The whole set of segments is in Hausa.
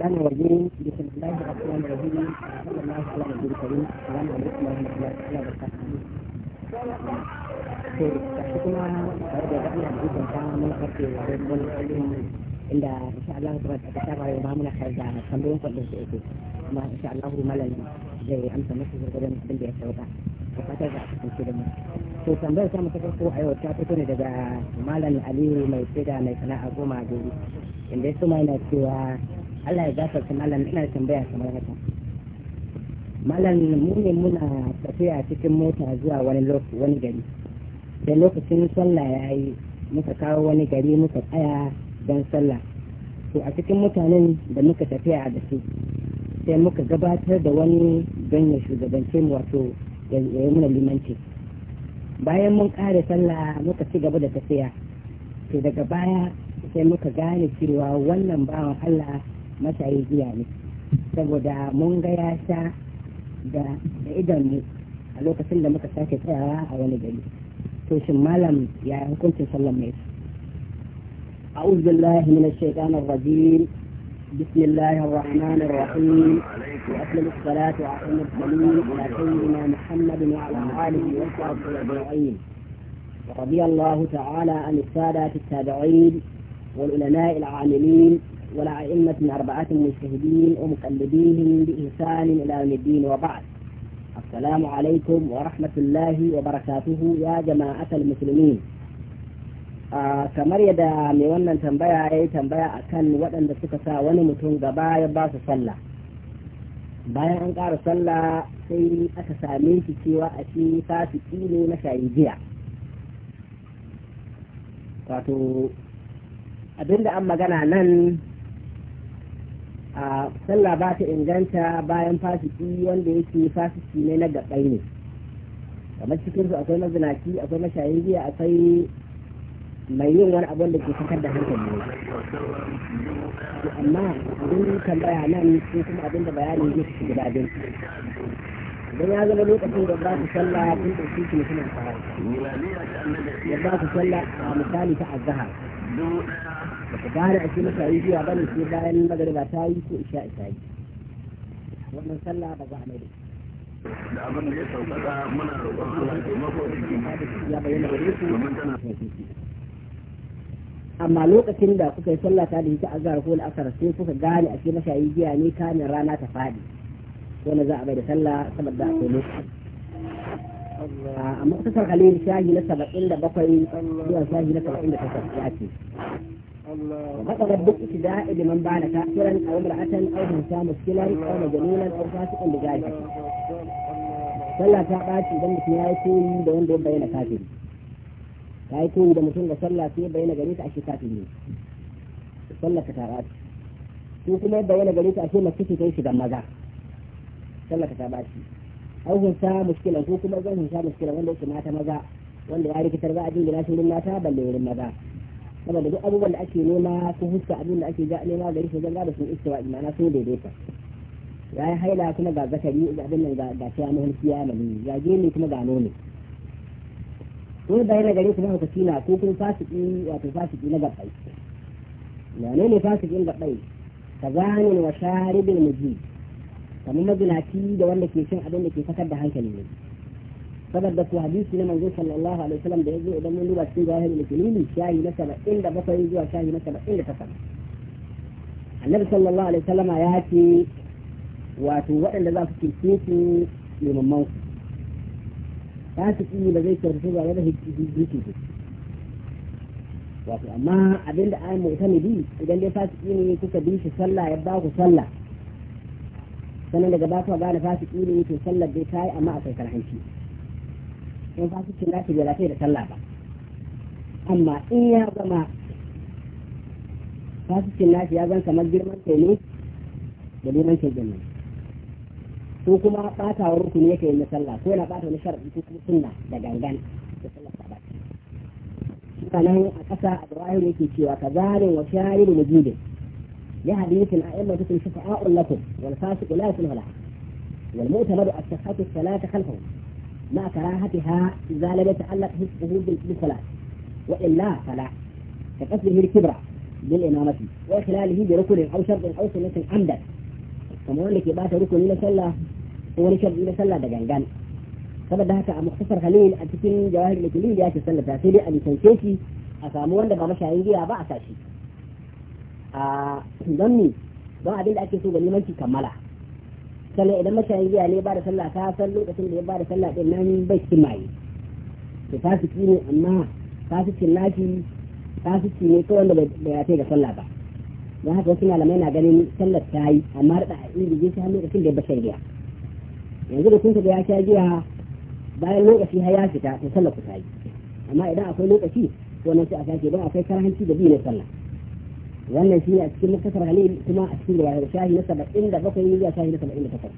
الشيطان الرجيم بسم الله الرحمن to kuma tare da ina da ta mun karfe inda insha Allah ta ba mun kai da tambayoyin kwallon da yake kuma insha Allah zai amsa abin da ya sauka da da mu to tambayar ta mu ta farko a yau ta fito ne daga malam Aliyu mai mai sana'a goma a inda su ma yana cewa Allah ya gafarta malam ina tambaya kamar haka malam mu ne muna tafiya cikin mota zuwa wani wani gari da lokacin sallah ya yi muka kawo wani gari muka tsaya don sallah to a cikin mutanen da muka tafiya da su sai muka gabatar da wani don ya shugabance mu wato ya yi muna limanci bayan mun kare sallah muka ci gaba da tafiya to daga baya sai muka gane cewa wannan bawan Allah mashayi giya ne saboda mun ga ya da idon ne a lokacin da muka sake tsayawa a wani gari to shin malam ya hukuncin sallan mai أعوذ بالله من الشيطان الرجيم بسم الله الرحمن الرحيم وأكمل الصلاة وأتم التسليم على سيدنا محمد وعلى آله وصحبه أجمعين رضي الله تعالى عن السادة التابعين والعلماء العاملين ولا أئمة من أربعة مجتهدين ومقلدين بإنسان إلى يوم الدين وبعد السلام عليكم ورحمة الله وبركاته يا جماعة المسلمين آه كمريا دا أي تنبايا أكن وأن تسكتا ونمتون غبايا باس صلى bayan an ƙara sallah sai aka same shi cewa a ce fasiki ne na shaidiya wato a sallah ba ta inganta bayan fasiki wanda yake fasiki ne na gabai ne kamar cikin su akwai mazinaci akwai mashayin giya akwai mai yin wani abin da ke fitar da hankali ne amma abin tambaya nan ko kuma abin da bayani zai su guda bin don ya zama lokacin da ba su sallah tun da su ne suna fara da ba su sallah a misali ta azhar Ku gane ake masa rijiya ba ne sai bayan magariba ta yi ko isha ta yi wannan sallah ba za a mai da abin da ya sauƙaƙa muna roƙon Allah ya taimako ya bayyana gare su domin tana amma lokacin da kuka yi sallah ta da ita azhar ko al'asar sai kuka gane a ce masa giya ne kamin rana ta fadi na za a bai da sallah saboda akwai lokaci amma kusa halin shahi na saba'in da bakwai zuwa shahi na saba'in da takwas ya ce duk da ba وقد ربك ابتداء بمن بعد كافرا او امرأة او انسان مسكلا او مجنونا او da بذلك sallah ta ɓaci idan mutum ya yi tuni da wanda ya bayyana kafiri ta yi tuni da mutum da sallah sai bayyana gare ta ashe kafiri ne sallah ka ta ɓaci ko kuma ya bayyana gare ta ashe mace ce ta yi shigan maza sallah ta ɓaci auhun sa muskilan ko kuma zan hunsa muskilan wanda yake mata maza wanda ya rikitar za a jingina shi wurin mata balle wurin maza da duk abubuwan da ake nema ko huska abin da ake nema gari shi zanga da sun wa imana sun daidaita ya yi haila kuma ga zakari ga abin nan ga ta yamu hulki ya mani ya gini kuma ga nono ko da yana gare kuma haka na ko kuma fasiki wato fasiki na gabbai na ne fasiki fasikin gabbai ka zanin wa sharibin muji kamar mazinaci da wanda ke cin abin da ke fakar da hankali ne saboda ku hadisi na manzo sallallahu alaihi wasallam da yazo idan mun duba cikin zahiri da kilimi shayi na 77 zuwa shayi na 78 annabi sallallahu alaihi wasallam ya ce wato waɗanda za su kirce su limamman su ta su ci ba zai kyautu ba da hijiki wato amma abinda an mu'tamidi idan dai fasiki ne kuka bi shi sallah ya ba ku sallah sannan daga ba ku gane fasiki ne to sallar dai ta yi amma akwai karhanci in fasikin nashi bai lafiya da sallah ba amma in ya zama fasikin nashi ya zan kamar girman kai ne da neman kai gani ko kuma ɓatawa rukuni yake yi na sallah ko yana ɓata wani sharaɗi ko kuma sunna da gangan da sallah ta baki sannan a ƙasa a dawahir yake cewa ka zarin wa sharin mujibin ya hadisin a'imma tukun shafa'a'un lakum wal fasiqu la yasulhu lahu wal mu'tamadu as-sihhatu as-salatu khalfahu مع كراهتها اذا لم يتعلق حفظه بالصلاة والا فلا كقصده الكبرى بالإمامة وإخلاله بركن أو شرط أو سنة عمدا كما أنك بات ركن إلى سلة هو لشرط إلى سلة دقنقان فبدها كمختصر خليل أن تكون جواهر الإكلين جاءت السلة تأثير أن تنسيكي أفامون لما مشى عندي أبا أساشي آه ظني ما أبين أكسو بني منك كمالا sallah idan mutane giya ne ba da sallah ta san lokacin da ya ba da sallah din nan bai cikin mai to fasiki ne amma fasikin nashi fasiki ne ko wanda bai ya ga sallah ba don haka wasu malamai na ganin sallar ta yi amma da a inda je shi lokacin da ya bashan giya yanzu da kun ga ya sha giya bayan lokaci har ya fita to sallar ku ta yi amma idan akwai lokaci to nan sai a sake don akwai karanci da biyu na sallah wannan shi ne a cikin muktasar halil kuma a cikin riwayar shahi na saba'in da bakwai ne zuwa shahi na saba'in da takwas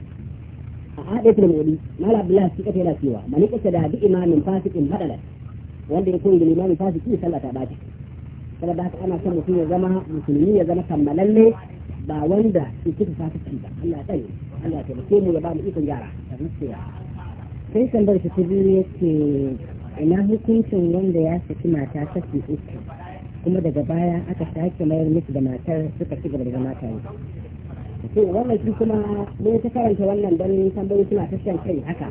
a hadisul mu'li mala abdullahi sika ta yana cewa man yake da bi imamin fasikin badala wanda ya koyi da imamin fasiki sallah ta bace saboda haka ana son mutum ya zama musulmi ya zama kammalalle ba wanda ke cika fasiki ba Allah ya tsare Allah ya taimake mu ya ba mu ikon gyara sai kan bar shi ta biyu yake ina hukuncin wanda ya saki mata saki uku kuma daga baya aka sake mayar musu da matar suka ci gaba daga mata to wannan shi kuma mun ta karanta wannan dan tambayoyi suna ta shan kai haka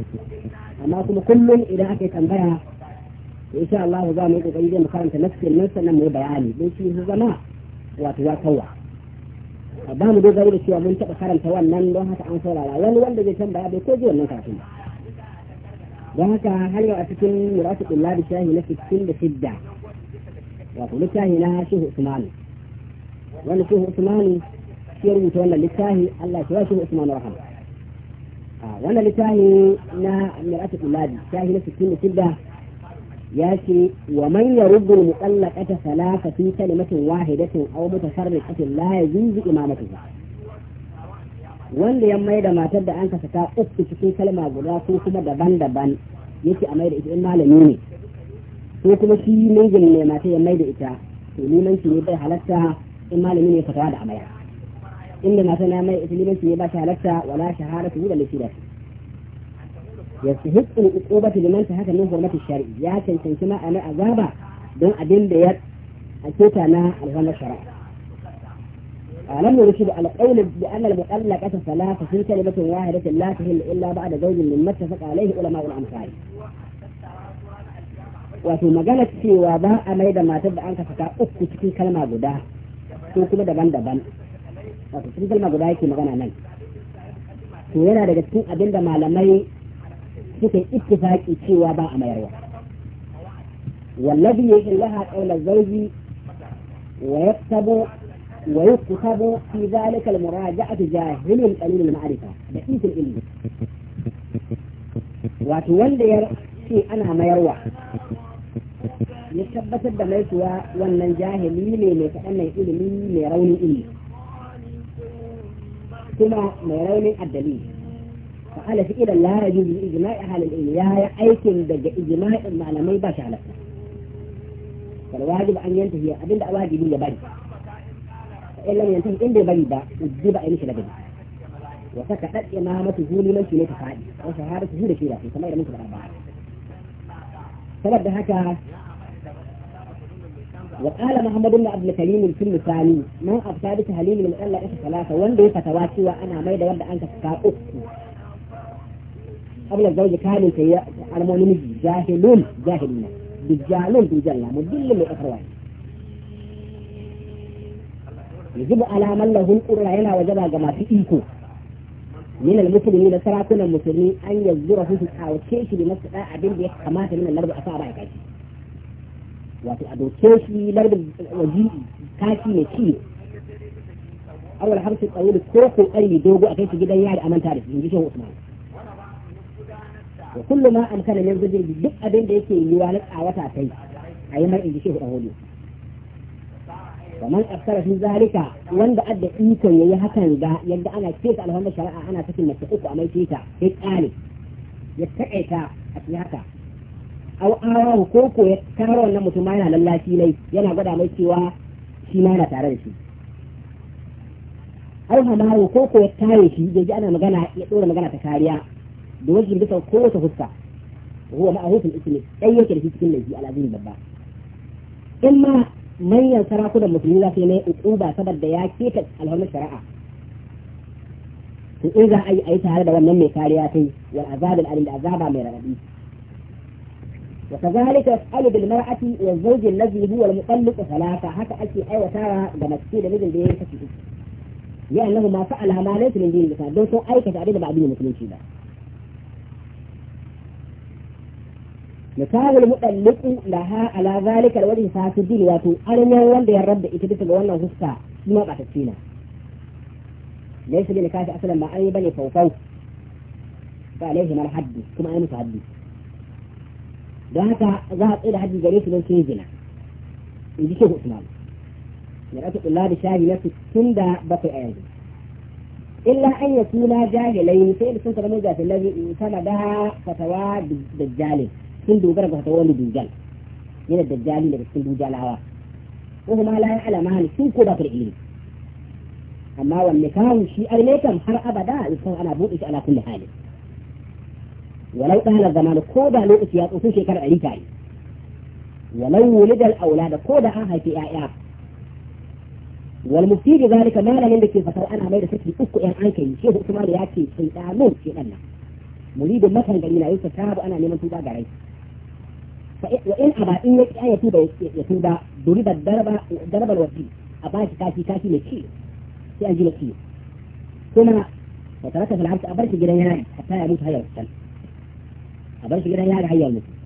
amma kuma kullum idan aka yi tambaya insha Allah za mu yi kokari mu karanta nafsin nan sannan mu yi bayani don shi zama wato ya kawa ba mu dogaro da cewa mun taɓa karanta wannan don haka an saurara wani wanda zai tambaya bai ko ji wannan kafin don haka har yau a cikin muratu Ladi shahi na 66 wato littafi na shehu usmanu wanda shehu usmanu shi ya rubuta wannan littafi Allah ya shehu usmanu rahama wannan littafi na ladi kullabi shahi na 66 ya ce wa man yaruddu muqallaqata salasa fi kalimatin wahidatin aw mutafarriqatin la yajuzu imamatuha wanda ya mai da matar da an kasa ta uku cikin kalma guda ko kuma daban-daban yake a mai da ita in malami ne ko kuma shi mijin ne mata ya mai da ita to limanci ne bai halatta in malami ne fatawa da amaya inda mata na mai ita limanci ne ba ta halatta wala shahadatu da lafiya yastahiqqu al-uqubata liman haka min hurmati shari'i ya cancanci ma ana azaba don abin da ya aketa na alhamar shari'a alam yurshid al-qawl bi anna al-mu'allaqata salatu fi kalimatin wahidatin la tahillu illa ba'da zawjin mimma tafaqa alayhi ulama al-amsari wato magana cewa ba a mai da matar da an ka saka uku cikin kalma guda ko kuma daban-daban wato cikin kalma guda yake magana nan to yana daga cikin abin da malamai suka yi ittifaki cewa ba a mayarwa wallazi ya yi laha ƙaunar zauji wa yaktabu wa yaktabu fi zalika al-muraja'atu jahilun qalil marifa da ikin ilmi wato wanda ya ce ana mayarwa ya tabbatar da mai kuwa wannan jahili ne mai kaɗan mai ilimi mai raunin ilimi kuma mai raunin addali fa'ala fi idan la rajul bi ijma'i ahli al-ilmi ya ya aikin daga ijma'in malamai ba shi halatta kal wajib an yantahi abinda wajibi ya bari in lam yantahi in bai bari ba ujiba ayi shi ladabi wa sakadat imamatuhu liman shi ne ta fadi wa shahadatuhu da shi da kamar da muka da ba saboda haka وقال محمد بن عبد الكريم في المثالي ما أبتاد تهليل من ألا إيش ثلاثة وان وندي فتواتي وأنا ميدا ود أنت تكاؤك قبل الزوج كان سيء المؤمن الجاهلون جاهلين دجالون بالجنة يعني مدل من أخوان يجب على من له القرى هنا وجبها كما في إيكو من المسلمين سرى المسلمين أن يزوره في الحاوشيش بمسألة أبين بيك كما من الأرض أصابع كاشي wato a doke shi lardin waji kashi ne ci awal harshe tsawon ko ko ƙari dogo a kai shi gidan yari amanta da shi inji shehu usman wa kullum ma amkana yanzu zujin duk abin da yake yiwa na tsawata kai a yi mar inji ji shehu ahodi wa man qaddara fi zalika wanda adda ikon yayi hakan ga yadda ana kesa alhamdulillah shari'a ana sakin mace uku a mai ta sai kare ya taƙaita a cikin haka au ko ko ya kara wannan mutum yana lallashi nai yana gwada mai cewa shi ma yana tare da shi awa ma ko ko ya tare shi ya ji ana magana ya dora magana ta kariya da wajen bisa ta fuska huwa ma'ahu fil ismi dai yake da shi cikin laifi alazim babba in ma manyan sarakunan musulmi za su yi mai uquba saboda ya keta alhormar shari'a to in za a yi tare da wannan mai kariya kai wal azabil alim da azaba mai raɗaɗi وكذلك يسأل بالمرأة والزوج الذي هو المطلق ثلاثة حتى أكي أي وتارة بمكسيد مثل دي فتيه لأنه ما فعلها ما ليس من دين مثال دوتو أي كتابين بعدين مثل الشيبة مثال المطلق لها على ذلك الوجه فاسد دين واتو أرمي وان دي الرب إتبت الوان وغفتا ما بعد السينة ليس بنكاة أصلا ما أي بني فوفو فعليه ما الحد كما أنا متحدث ذهب ذهب إلى حد الجريف لو كي زنا يجي شيخ إسلام مرأة طلاب الشاهي نفسه تندى بطي أيضا إلا أن يكون يكونا جاهلين فإن سنت رمزة الذي سندها فتوى بالدجال سندو برق فتوى بالدجال من الدجال اللي جال جالها وهما لا يعلمان سوء كوبة العلم أما والنكاح شيء أغنيكم حر أبدا يصنع أنا بوئش على كل حال ولو أهل الزمان كودا لو إسياد أسو شكر عليكاي ولو ولد الأولاد كودا آهل في آياء والمفتي بذلك ما لا يملك الفتر أنا ميرا ستي أسكو إيان آنكي شيخ أسمان ياكي في آمون في أنا مريد مثلا قلينا يوسف شاب أنا لمن توبا قريب وإن أبا إن يكي آية توبا يتوبا دريد الدربة الدربة الوزين أبا كاكي كاكي لكي في أنجي لكي ثم فتركت العرس أبرك جريان حتى يموت هيا وسلم أبنش جدا يا يعني حي المسلم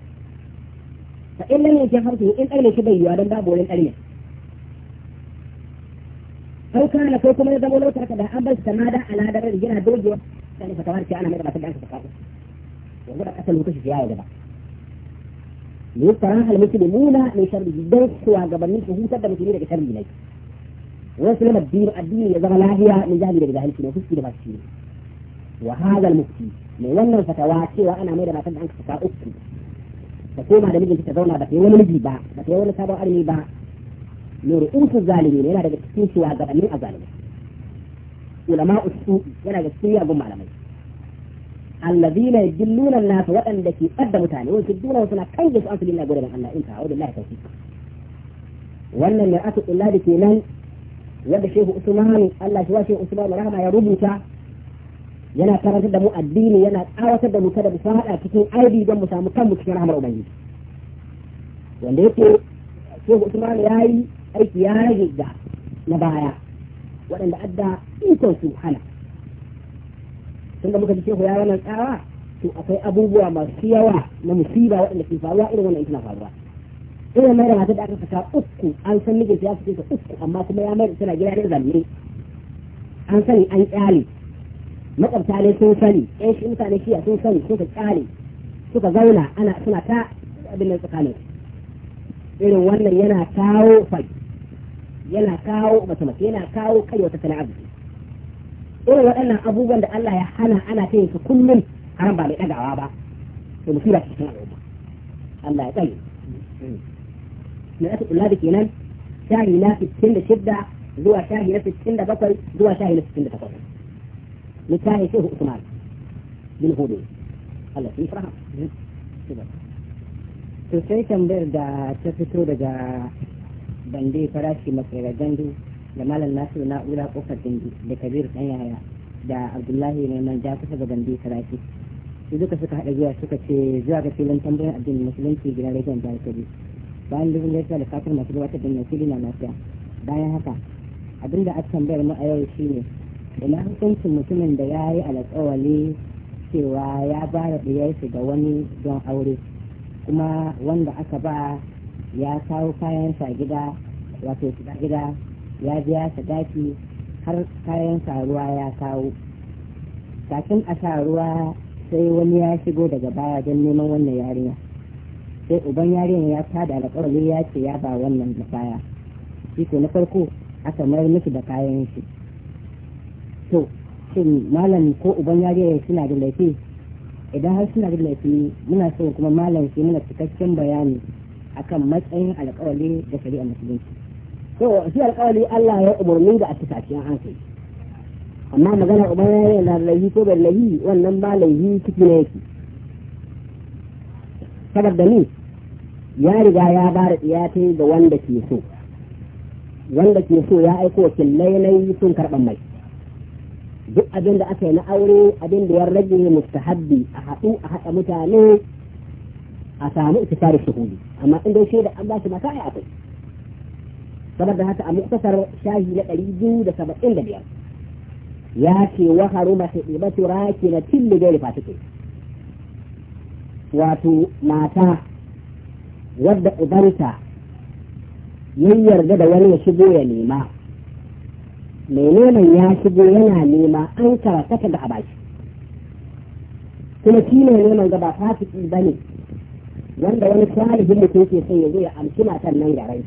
فإن لم يجهرته إن أغني شبيه هذا باب ولن أريه أو كان لكو كما يزمو لو ترك ده أبنش سمادا على هذا الرجل جنا دوجه يعني فتوارك أنا مدى بسجع عنك فقاته يقول لك أسأل مكشف يا ولد ليتراها المسلمون من شر جدا سوى قبل منك هو تبدا مسلمين لك شر إليك وسلم الدين الدين يزغى لا هي من جهة لك ذهلك وفسك لما تشيره وهذا المفتي من وين الفتواتي وانا ميدا ما تبعنك فتا اكتي فكوما دا نجي انت تظونا بس يولي نجي با بس يولي سابو علمي با من رؤوس الظالمين يلا دا كتين سوا غبنين الظالم علماء السوء يلا دا كتين يغم على مي الذين يجلون الناس وان دا كي ادى متاني وان كدونا وصنا كي جسو انت لنا قولنا انا انت عود الله توفيق وان المرأة الله دا كي نن يبشيه اسمان الله شواشيه اسمان رغم يا yana karantar da mu addini yana tsawatar da mu kada mu fada cikin aibi don mu samu kanmu cikin rahmar ubangiji wanda yake shehu usman ya yi aiki ya rage da na baya waɗanda adda ikon su hana tun da muka ji shehu ya wannan tsawa to akwai abubuwa masu yawa na musiba waɗanda ke faruwa irin wannan ita faruwa ina mai da matar da aka saka uku an san mijinta ya fice ta uku amma kuma ya mai da tana gida ne zanne an sani an kyale makwabta ne sun sani yan eh, shi mutane shiya sun sani suka kyale suka zauna ana suna ta abin nan tsakanin irin wannan yana kawo fai yana kawo mace mace yana kawo kai wata kana abu irin waɗannan abubuwan da Allah ya hana ana ta yin su kullum haram ba mai ɗagawa ba to musiba ce cikin al'umma Allah ya tsaye na aka kula da kenan shahi na 66 zuwa shahi na 67 zuwa shahi na 68 littafin shehu usman bin hudu Allah shi fara to sai tambayar da ta fito daga bande farashi makera gandu da malam nasiru na'ura kofar gandu da kabir dan yaya da abdullahi mai manja kusa da bande farashi su duka suka haɗa zuwa suka ce zuwa ga filin tambayar addinin musulunci gidan rediyon jihar kebbi bayan dubin lafiya da fatar masu gabatar da mai fili na lafiya bayan haka abinda a tambayar mu a yau shine ina hukuncin mutumin da ya yi alƙawali cewa ya ba da ɗiyarsa ga wani don aure kuma wanda aka ba ya kawo kayan sa gida wato shiga gida ya biya sadaki har kayan ruwa ya kawo kafin a sa ruwa sai wani ya shigo daga baya don neman wannan yarinya sai uban yarinya ya tada alƙawali ya ce ya ba wannan da baya shi na farko aka mayar miki da kayan shi to shin malami ko uban yariya suna da laifi idan har suna da laifi muna so kuma malam sai muna cikakken bayani akan matsayin alkawali da shari'a musulunci to shi alkawali Allah ya umarni da a cika shi an kai amma magana uban yi na laifi ko bai laifi wannan ba laifi ciki ne yake da ni ya riga ya bara tsiyatai da wanda ke so wanda ke so ya aiko wakilai na sun karɓar mai duk abin da aka yi na aure abin da ya rage mustahabbi a haɗu a haɗa mutane a samu ikisar shuhudi amma inda shi da an ba shi maka ai akwai saboda haka a muktasar shahi na ɗari biyu da saba'in da biyar ya ce wa haruma sai ibatu raki na tilli gairi fasike wato mata wadda ubanta ya yarda da wani ya shigo ya nema mai neman ya shigo yana nema an karata da abaki kuma shi mai neman ga ba fasiki ba ne wanda wani salihin mutum ke son ya zo ya amshi matan nan garai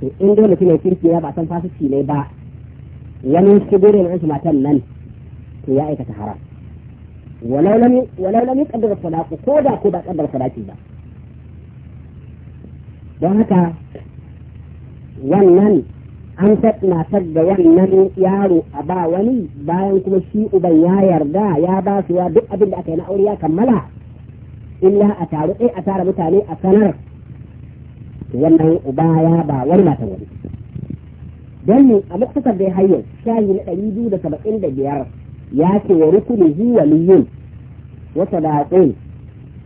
to in dole mutum ya kirki ya ba san fasiki ne ba wani shigo da amshi matan nan to ya aikata haram walau lami walau lam ko da ko ba qaddar sadaki ba don haka wannan an taɓa tar da wannan yaro a ba wani bayan kuma shi uban ya yarda ya ba su ya duk abin da aka yi na aure ya kammala illa a taru ɗaya eh, a tara mutane a sanar wannan uba ya ba wani mata wani don a muktasar da ya hayo shayi na ɗari biyu da saba'in da biyar ya ce wa rukuni hu waliyun wa sadaqun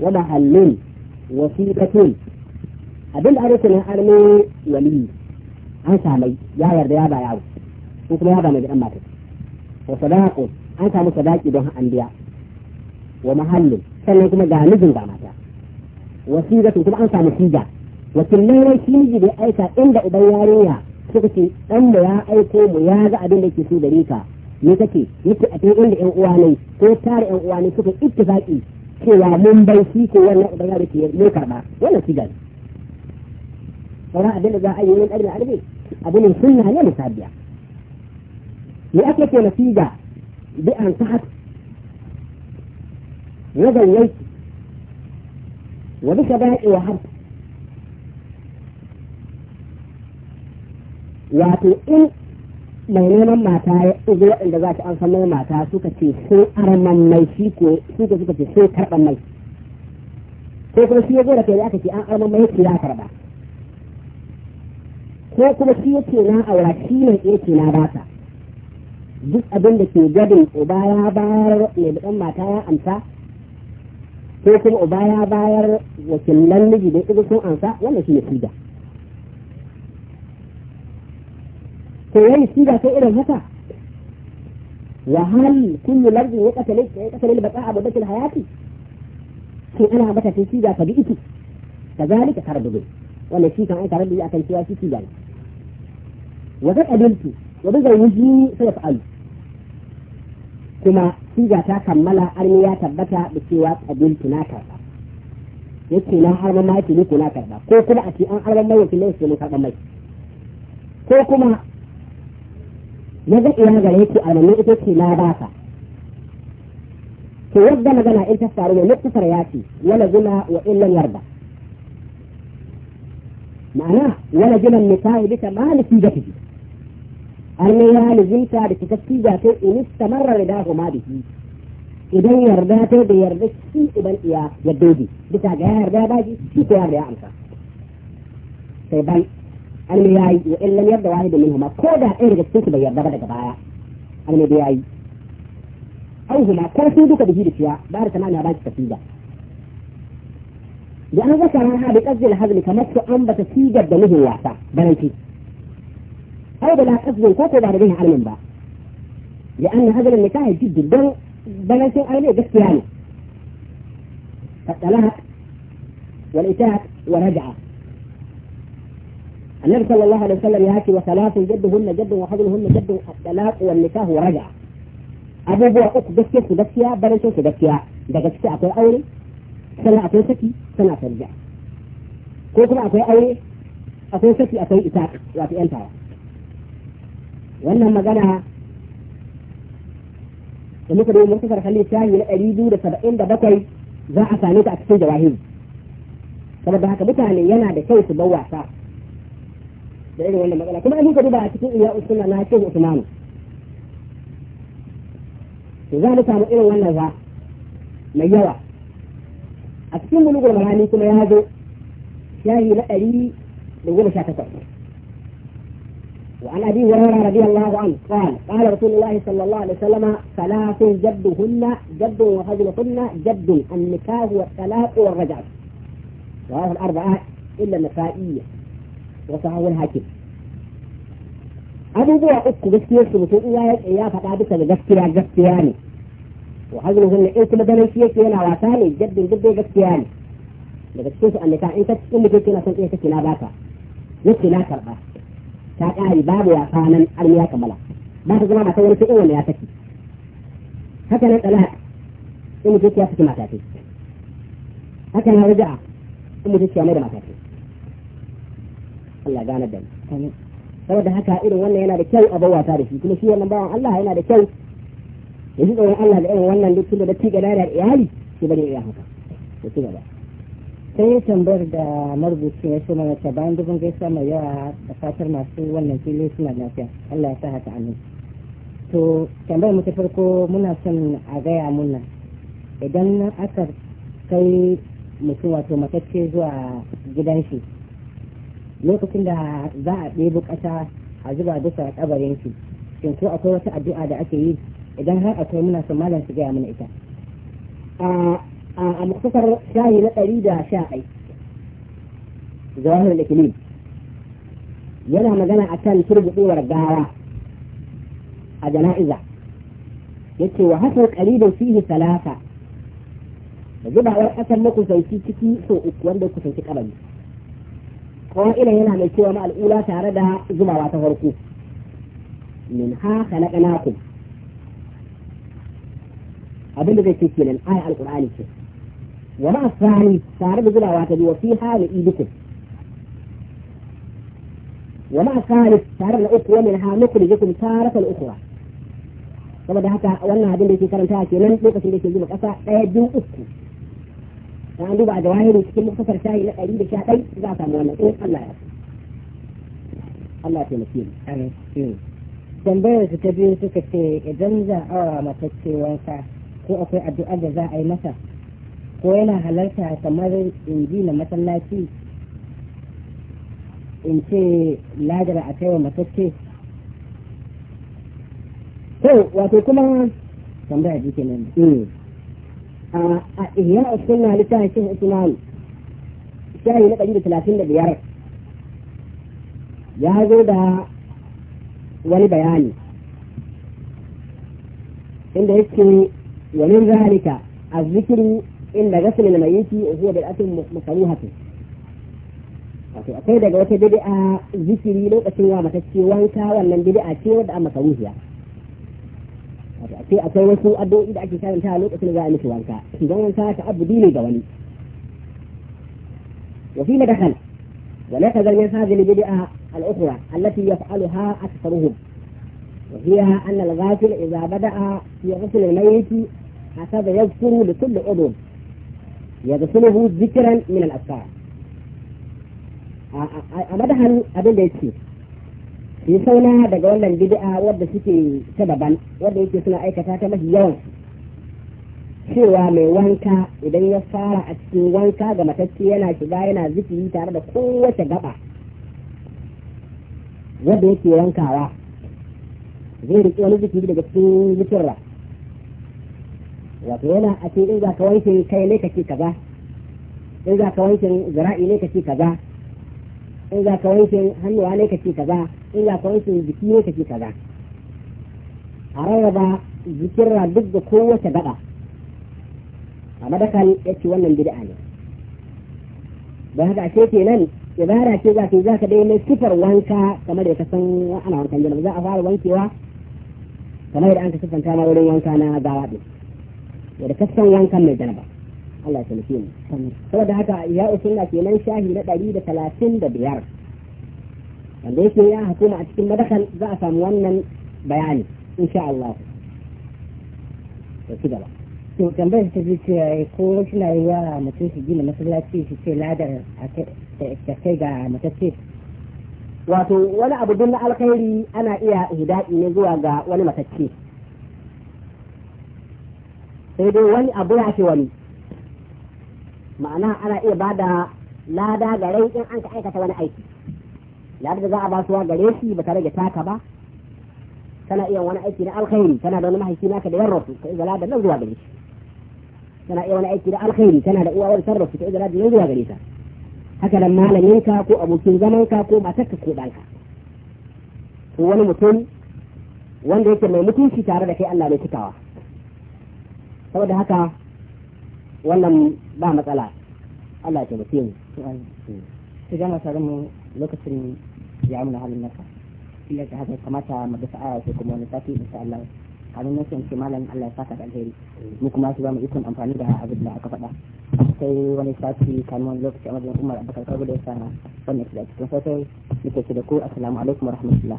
wa mahallin wa sitatun abin da a rukunin armi waliyu an samai ya yarda ya ba yawo ko kuma ya ba mai gidan mata wa sadaqu an samu sadaki don an biya wa mahallin sannan kuma ga mijin ga mata wasigatu kuma an samu siga wakilin wai shi miji da aika inda uban yarinya suka ce dan da ya aiko mu ya ga abin da yake so gare ka me kake yake a cikin inda yan uwa ne ko tare yan uwa ne suka ittifaki cewa mun bai shi ko wannan uban yarinya ne karba wannan siga ne وراها بلغ أي من أجل أربي أبن سنها لا مسابية لأكلت نتيجة بأن تحت وزويت وبشبه وحب wato in mai neman mata ya izo waɗanda za ta an samu mata suka ce sun araman mai shi ko suka suka ce sun karɓan mai ko kuma shi ya zo da kai aka ce an araman mai shi ya karɓa ko kuma shi yake na aura shi ne yake na baka duk abin da ke gadin uba ya bayar mai bukan mata ya amsa ko kuma uba ya bayar wakilan miji da ya sun amsa wannan shi ne sida to yayi sida ko irin haka وهل كل لفظ يقتل يقتل البقاء مدة الحياة؟ في أنا بتا في سيجا فبئتي كذلك تردد ولا شيء كان تردد أكل shi في ne. وذا أبنتي وبزوجي سيفعل kuma siga ta kammala armi ya tabbata da cewa kabiltu na karba yake na harma ma yake ni na karba ko kuma a ce an harma mai yake ne sai mun karba mai ko kuma ya ga ina gare ki a nan ita ce na ba ka to yadda magana in ta faru ne mutsar ya ce wala guna wa illan yarda ma'ana wala gina nikahi bisa maliki da fiji أن يا لزمت بتكفي ذاته إن استمر رداهما به idan yarda ta da yarda shi uban iya ya doge bisa ga ya yarda ba shi shi ko yarda ya amsa sai bai an ya yi wa illan yarda wani da minhuma ko da ɗaya daga cikin su bai yarda ba daga baya an ne da ya yi an huma kar su duka da shi da ciya ba da tamaniya ba shi tafiya da an zaka ran ha bi qasdil hazli kamar su an bata sigar da muhin wasa baranci أو بلا حفظ فوق ظهر على المنبر لأن هذا النكاح جد جدا بل شيء عليه بس يعني فالطلاق والإتاك ورجعة النبي صلى الله عليه وسلم ياتي وثلاث جدهن جد وحضرهن جد الطلاق والنكاح ورجعة abubuwa uku gaskiya su gaskiya barin شيء gaskiya daga ciki akwai aure sannan akwai saki sannan akwai ko kuma akwai aure akwai saki akwai ita wato yantawa wannan magana da muka dai murtasar halin shahi na ɗari biyu da saba'in da bakwai za a same ta a cikin jawahiri saboda haka mutane yana da kyau su bar wasa da irin wannan magana kuma in ka duba a cikin iya usunna na cikin usmanu to za mu samu irin wannan za mai yawa a cikin bulugul marani kuma ya zo shahi na ɗari da goma sha takwas وعن ابي هريره رضي الله عنه قال قال رسول الله صلى الله عليه وسلم ثلاث جدهن جد وفضلهن جد النكاح والطلاق والرجعة رواه الأربعة إلا النسائية وصحة والهاكم أبو بوا أكو بس كيف سمتو إياه يا فتاة بس بس كيف بس كيف وحزنه هن إنت مدن الشيء كي أنا وثاني جد جد بس يعني. كيف بس كيف أنك أنت أمك كنا سنتي كنا باكا بس كيف ta ƙare babu ya kwanan armi ya kamala ba ta zama mata wani sai wanda ya saki haka nan ɗalaha in mutum ya saki mata ce haka nan raja'a in mutum ya mai da mata ce Allah gane da ni saboda haka irin wannan yana da kyau a ta da shi kuma shi wannan bawan Allah yana da kyau ya ji tsoron Allah da irin wannan duk tunda da tiga da iyali shi bane ya haka to ci gaba sai ya tambar da marubuci ya so mana bayan dubin gaisa mai yawa da fatar masu wannan fili suna lafiya Allah ya sa haka a amin to mu ta farko muna son a gaya muna idan aka kai mutum wato matacce zuwa gidan shi lokacin da za a ɗebo ƙasa a zuba duka ƙabarin shi shin ko akwai wata addu'a da ake yi idan har akwai muna son malam su gaya mana ita a muktasar shahi na ɗari da sha ai zawahir kilim yana magana a kan turbuɗewar gawa a jana'iza ya ce wa ƙari da fiye salasa da zubawar ƙasar makusanci ciki so uku wanda kusanci ƙabari ina yana mai cewa ma'al'ula tare da zubawa ta farko min ha khalaqnakum abin da zai ce kenan ayar alqur'ani ce وما الثاني تعرف يقول وفي وفيها لإيدكم وما الثالث تعرف الأخوة منها نخرجكم تارة الأخرى طبعا ده حتى وانا هذين اللي كانوا تاكي لن نقص اللي تجيبك أسا أهدو أخو فعندو يعني بعد واحد يتكلم مختصر شاي لأريد شاي لا تعمل إيه الله يعطي الله تمكين تنبير إيه. تتبير تكتي إذن ذا أرى ما تكتي وانسا كو أخي أدو أدو ذا أي مثل ko yana halarta kamar in ji na masallaci in ce ladar a kai wa matacce to wato kuma tambaya ji kenan hmm. a iya a cikin halitta shi usman shahi na ɗari da talatin da biyar ya zo da wani bayani inda yake wani zalika a zikirin إلا غسل الميت وهو بالأكل مصروحة أكيد إذا جوتي بدي أذكر لي لو أسمع ما تسي وانك ولا بدي أشيل ده ما تروح يا يعني. أكيد أكيد وسوا أدو إذا أكيد كان شاء لو أسمع ما تسي وانك في جوان شاء شعب ديني جواني وفيما دخل ولا تزال من هذه البدعة الأخرى التي يفعلها أكثرهم وهي أن الغاسل إذا بدأ في غسل الميت حسب يذكر لكل عضو يدخله ذكرا من الأذكار a madahan abin da yake shi sauna daga wannan bid'a wadda suke ta daban wadda yake suna aikata ta mafi yawan cewa mai wanka idan ya fara a cikin wanka ga matacce yana shiga yana zikiri tare da kowace gaba wadda yake wankawa zai rike wani zikiri daga cikin zikirra wato yana a ce in za ka wankin kai ne ci kaza in za ka wankin zara'i ne ci kaza in za ka wankin hannuwa ne ci kaza in za ka wankin jiki ne ci kaza a rarraba zikirra duk da kowace gaba a madakan ya ce wannan bid'a ne ba haka ce ke ya ibara ce za ka yi za ka mai sifar wanka kamar da ka san ana wankan jana za a fara wankewa kamar da an ka sifanta ma wurin wanka na gawa ɗin da kasan wankan mai janaba Allah ya taimake mu saboda haka ya usulla kenan shahi na ɗari da talatin da biyar wanda yake ya hukuma a cikin madakan za a samu wannan bayani insha Allah to ci gaba to tambayar ta ce ce ko suna yi wa mutum su gina masallaci su ce ladar a kai ga matacce wato wani abu na alkhairi ana iya hidaɗi ne zuwa ga wani matacce sai dai wani abu ya fi wani ma'ana ana iya ba da lada ga rai in an ka aikata wani aiki lada da za a basuwa gare shi ba tare da taka ba tana iya wani aiki na alkhairi tana da wani mahaifi naka da yarrafu ka iya lada nan zuwa gare shi iya wani aiki na alkhairi tana da uwa wani sarrafa ka iya lada nan zuwa gare ta haka nan malaminka ko abokin zamanka ko matarka ko ɗanka ko wani mutum wanda yake mai mutunci tare da kai Allah mai cikawa saboda haka wannan ba matsala Allah ya taimake mu su gama tare mu lokacin ya amuna halin nasa illa ta haka kamata mu dafa aya sai kuma wani sati insha Allah kamin nan sai malam Allah ya saka da alheri mu kuma su ba mu ikon amfani da abin da aka faɗa sai wani sati kamin wani lokaci a Umar Abubakar Kago da ya sa wannan shi da cikin sautai nake ce da ku assalamu alaikum wa rahmatullah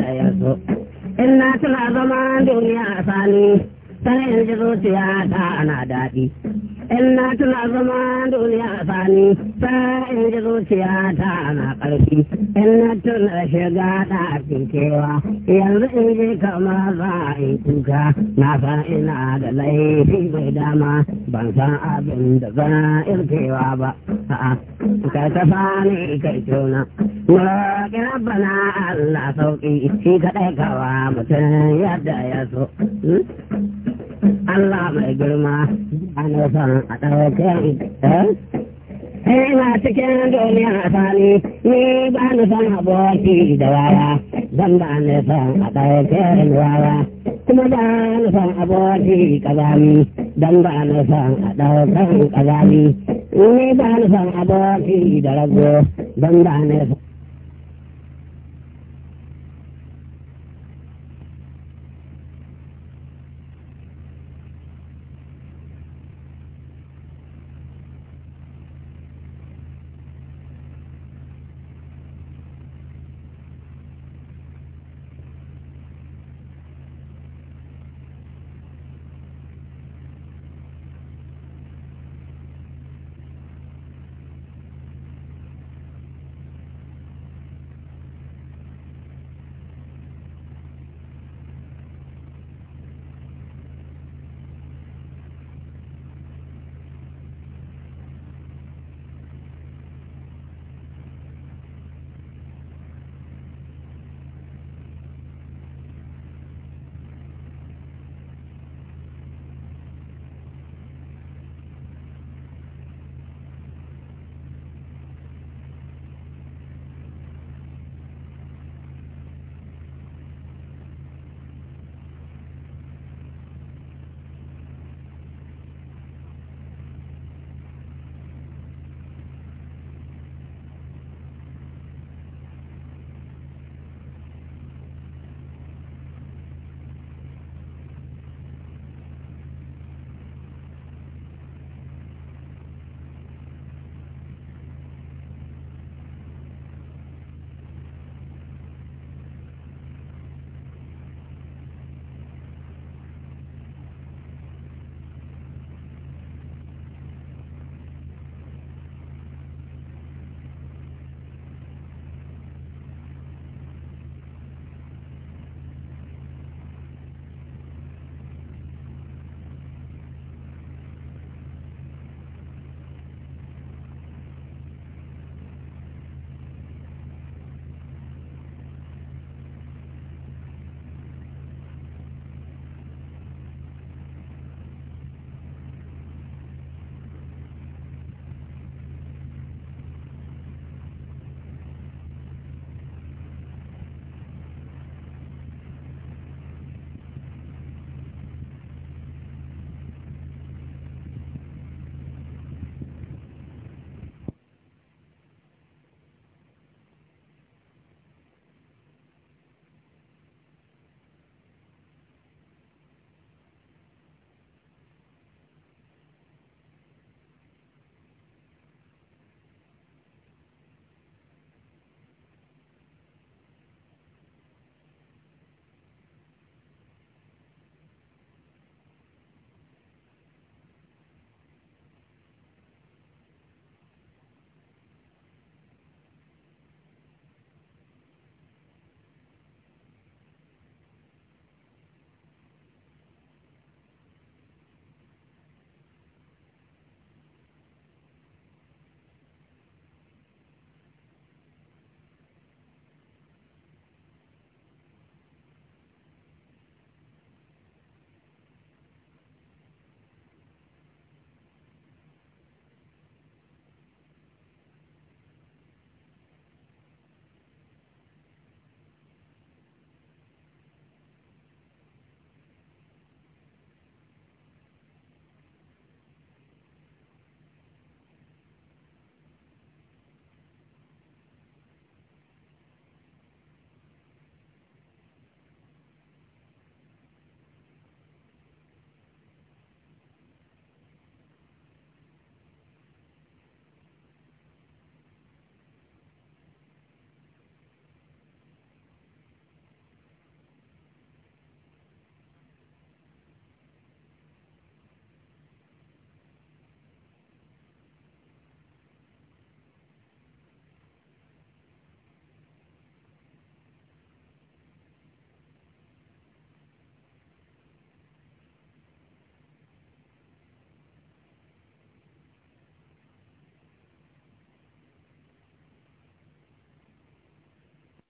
da ya so in na zama duniya a sani sai in ji zuciya ta ana daɗi in na tana zama duniya a sani sai in ji zuciya ta ana ƙarfi in na tuna shiga na kewa yanzu in ji kama za a yi kuka na san ina da laifi mai dama ban san abin da a irkewa ba Ka ta ka fani kai tuna roƙi rabbana Allah sauƙi shi kaɗai kawa mutum yadda ya so hmm? Allah mai girma a nufin a ɗauke ina cikin duniya sani ni ba ni son aboki da wawa zan ba ni son a ɗauke wawa kuma ba ni san aboki kazami don ba ni son a ɗaukan kazami ni ba ni son aboki da rago don ba ni san